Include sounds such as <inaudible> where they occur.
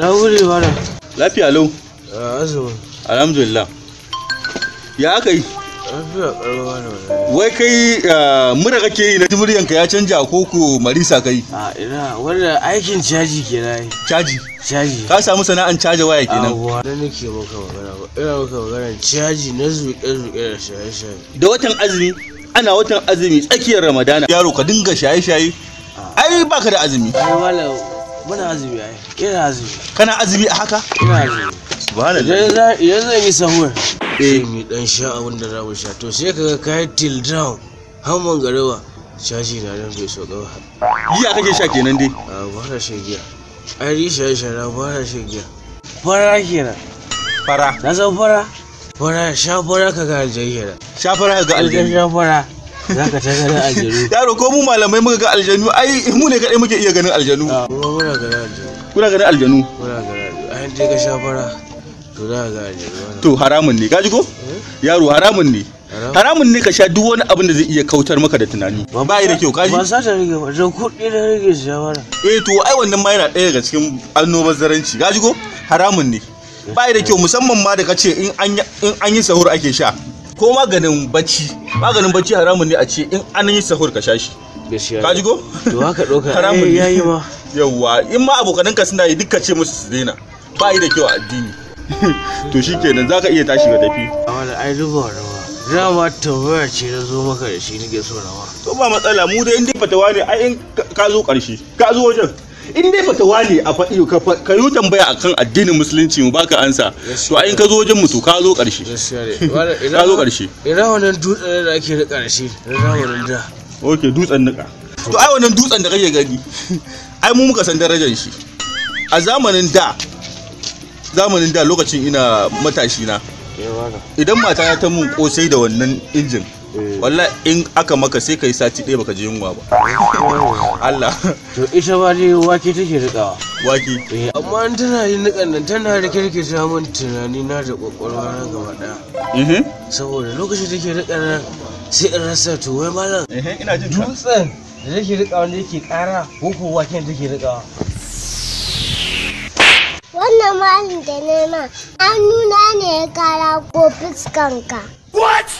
Na wuri mara. Lafiya lau. Azumi. Alhamdulillah. Ya aka yi? Lafiya ƙarfa ne Wai kai ah, mura kake yi na jimuriyan ka ya canja ko ko marisa yi. A ah, ina wanda aikin caji ke na yi? Caji. Caji. Ka samu sana'an caja waya kenan. Awwa. Da nake maka magana ba. Ina maka magana caji na zuƙe-zuƙe da shaye-shaye. Da watan azumi ana watan azumi tsakiyar Ramadana. Yaro ka dinga shaye-shaye. Ah. Ai baka da azumi. Ai muna azumi ai ina azumi kana azumi a haka ina azumi subhanallah idan zan yi sahur eh mi dan sha abin da za mu sha to sai kaga kai till down hamman garewa shashi na nan bai so gawa giya kake sha kenan dai a bara shan giya ai risha shara bara shan giya fara kenan fara na san fara fara sha fara kaga aljayyara sha fara kaga aljayyara sha fara Za ka ta ganin aljanu. Yaro ko mu malamai muka ga aljanu ai mu ne kaɗai muke iya ganin aljanu. Ah, muna ganin aljanu. Kuna ganin aljanu? Muna ganin aljanu. Ai dai ka sha To za ka ga aljanu. To haramun ne kaji ko? Eh? Yaro haramun ne. Haramun ne ka sha duk wani abin da zai iya kautar maka da tunani. Ba ba da kyau kaji. Ba sa ta rage ba, da kuɗi da rage sha fara. Eh to ai wannan ma yana ɗaya ga cikin annobar zaranci kaji ko? Haramun ne. Ba da kyau musamman ma da kace in an yi sahur ake sha. ko maganin bacci maganin bacci haramun ne a ce in an yi sahur ka sha shi ka ji go to doka <laughs> eh, haramun ne yayi ma yawa in ma ka suna yi duka ce musu su daina ba yi da kyau a addini <laughs> to shikenan zaka iya tashi ka tafi wala ai duba rawa ma tawaya ce na zo maka da shi nake so rawa to ba matsala mu da in dai fatawa ne ai in ka zo karshe ka zo wajen in dai fatawa wani a faɗi ka yi tambaya akan addinin musulunci mu baka ansa to ayin ka zo wajen mutu ka zo ƙarshe <laughs> ka zo ƙarshe ina wannan dutsen da ake rika da shi ina wannan da Okay, dutsen nika to ai wannan dutsen da kake gani <laughs> ai mu muka san darajar shi a zamanin da zamanin da lokacin ina matashi na eh, idan mata ta mun kosai da wannan injin Eh. wallah in aka maka sai kai sati ɗaya baka ji yunwa ba <laughs> Allah to ita ba dai wake take rikawa wake eh, amma in tana yin nikan nan tana da kirki ta mun tunani na da kwakwalwa na gaba daya mhm. saboda lokacin take rika nan sai in rasa to wai malam eh, ina jin dutsen da take rika ne yake kara ko ko waken take rikawa wannan malin da nema an nuna ne ya kara ko fuskanka what